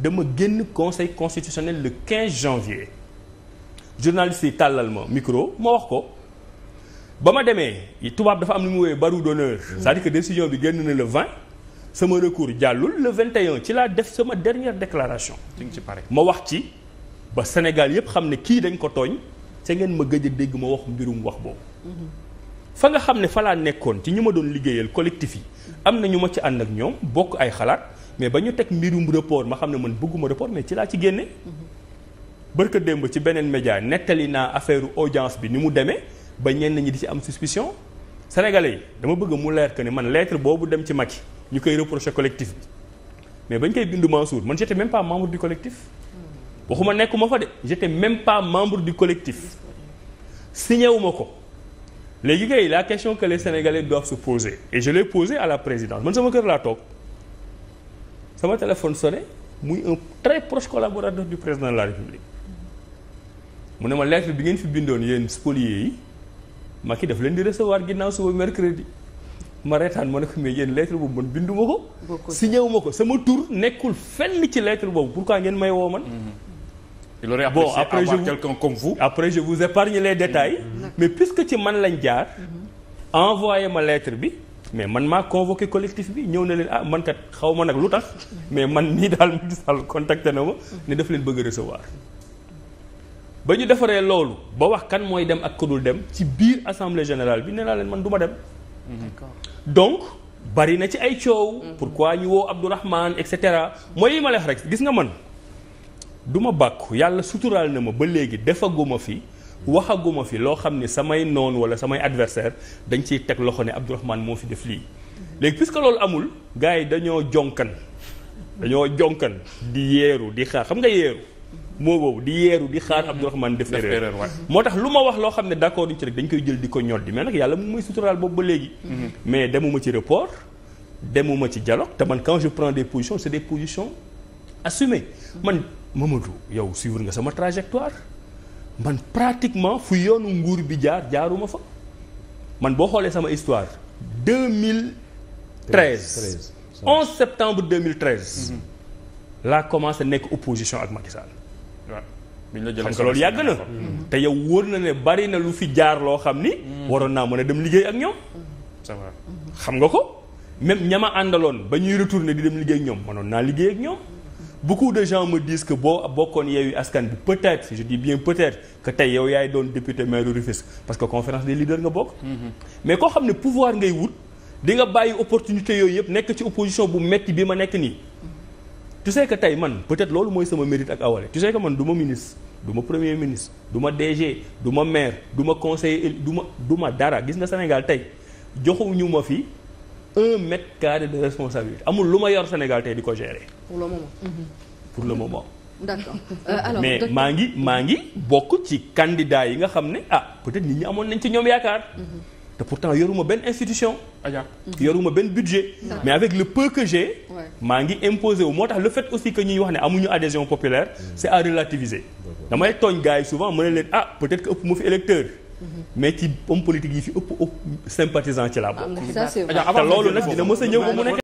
dama génn conseil constitutionnel le 15 janvier journaliste yi tàllal ma micro ma wax ko ba ma demee tubaab dafa am lu mu woowee baru d'honneur c'est-à-dire que décision bi génn na le 20 sama recours jàllul le 21 ci laa def sama dernière déclaration ci pare ma wax ci ba Sénégal yëpp xam ne kii dañ ko tooñ ca ngeen ma gëj a dégg ma wax mbirum wax boobu fa nga xam ne fa laa nekkoon ci ñu ma doon liggéeyal collectif yi am na ñu ma ci ànd ak ñoom bokk ay xalaat mais ba ñu teg mbirum report ma xam ne man bëgguma report mais ci laa ci génne. bërka démb ci beneen média nettali naa affaire audience bi ni mu demee ba ñenn ñi di ci am suspicion. Sénégalais yi dama bëgg mu leer que ne man lettre boobu dem ci Macky ñu koy reproché collectif bi mais bañ koy bindu Mansour man j'étais même pas membre du collectif. waxuma nekkuma fa de j'étais même pas membre du collectif. signé wu ma ko. léegi kay la question que les Sénégalais doivent se poser et je la présidence man sama kër laa toog. sama téléphone sonné muy un très proche collaborateur du président de la république mu ne ma lettre bi ngeen fi bindoon yéen spoliés yi Macky daf leen di recevoir ginnaaw suba mercredi ma reetaan ma ne ko mais yéen lettre boobu man bindu ma ko signé wu ma ko sama tur nekkul fenn ci lettre boobu pourquoi ngeen may woo man mhm. il aurait apprécié bon, après avoir quelqu'un comme vous après je vous épargne les détails mm -hmm. mais puisque ci man lañ jaar mhm. envoyé ma lettre bi mais man maa convoqué collectif bi ñëw na leen ah man xaw ma nag lu tax mais man nii daal Macky Sall na ma ne daf leen bëgg recevoir ba ñu defaree loolu ba wax kan mooy dem ak ku dem ci biir assemblée générale bi nee leen man du ma dem. donc bari na ci ay coow. pourquoi ñu woo Abdourahmane et cetera mooy yi rek gis nga man duma ma bàkku yàlla suturaal na ma ba léegi defaguma fi. waxaguma fi loo xam ne samay noon wala samay adversaire dañ ciy teg loxo ne Abdourahmane moo fi def lii léegi puisque loolu amul gars yi dañoo jonkan dañoo jonkan di yeeru di xaar xam nga yeeru moo boobu di yeeru di xaar Abdourahmane def erreur moo tax lu ma wax loo xam ne d'accord duñ ci rek dañ koy jël di ko ñoddi mais nag yàlla mu muy suturaal boobu ba léegi mm-hmm. mais demuma ci report demuma ci dialogue te man quand je des positions c'est des positions assumées man Mamadou yow suivre nga sama trajectoire man pratiquement fu yoonu nguur bi jaar jaaruma fa man boo xoolee sama histoire 2013 11 septembre 2013 laa commencé nekk opposition ak Macky Sall la jëlee xam nga loolu yàgg na mm-hmm. te yow wóor na ne bari na lu fi jaar loo xam ni mm-hmm. waroon naa mën a dem liggéey ak ñoom mm-hmm. xam nga ko même ñama àndaloon ba ñuy retourner di dem liggéey ak ñoom mënoon naa liggéey ak ñoom beaucoup de gens me disent que boo bokkoon Yewwi Askan bi peut-être je dis bien peut-être tey yow yaay doon député maire de Rufisque parce que conférence des leaders nga bokk. Mhm. mais koo xam ne pouvoir ngay wut di nga bàyyi opportunité yooyu yëpp nekk ci opposition bu metti bi ma nekk nii. tu sais que tey man peut-être loolu mooy sama mérite ak Awalé tu sais man du ma ministre du ma premier ministre du ma DG du ma maire du ma conseiller du ma du ma dara gis nga Sénégal tey joxuñu ma fii un mètre carré de responsabilité amul lu ma yor Sénégal tey di ko gérer. pour le moment. Mhm. pour le moment. d'accord euh, mais maa ngi maa ngi bokk ci candidat yi nga xam ne ah peut-être nit ñi amoon nañ ci ñoom yaakaar. Mhm. te pourtant yoruma benn institution. aja mhm. yoruma benn budget. mais avec le peu que j'ai maa ngi imposé wu moo tax le fait aussi que ñuy wax ne amuñu adhésion populaire. c'est à relativiser. damay tooñ gars yi souvent ma ne leen ah peut-être que ëpp ma fi électeur. mais ci homme politique yi fi ëpp ëpp sympathisant ci laa bokk. Ah, loolu nag dina mës a mu nekk.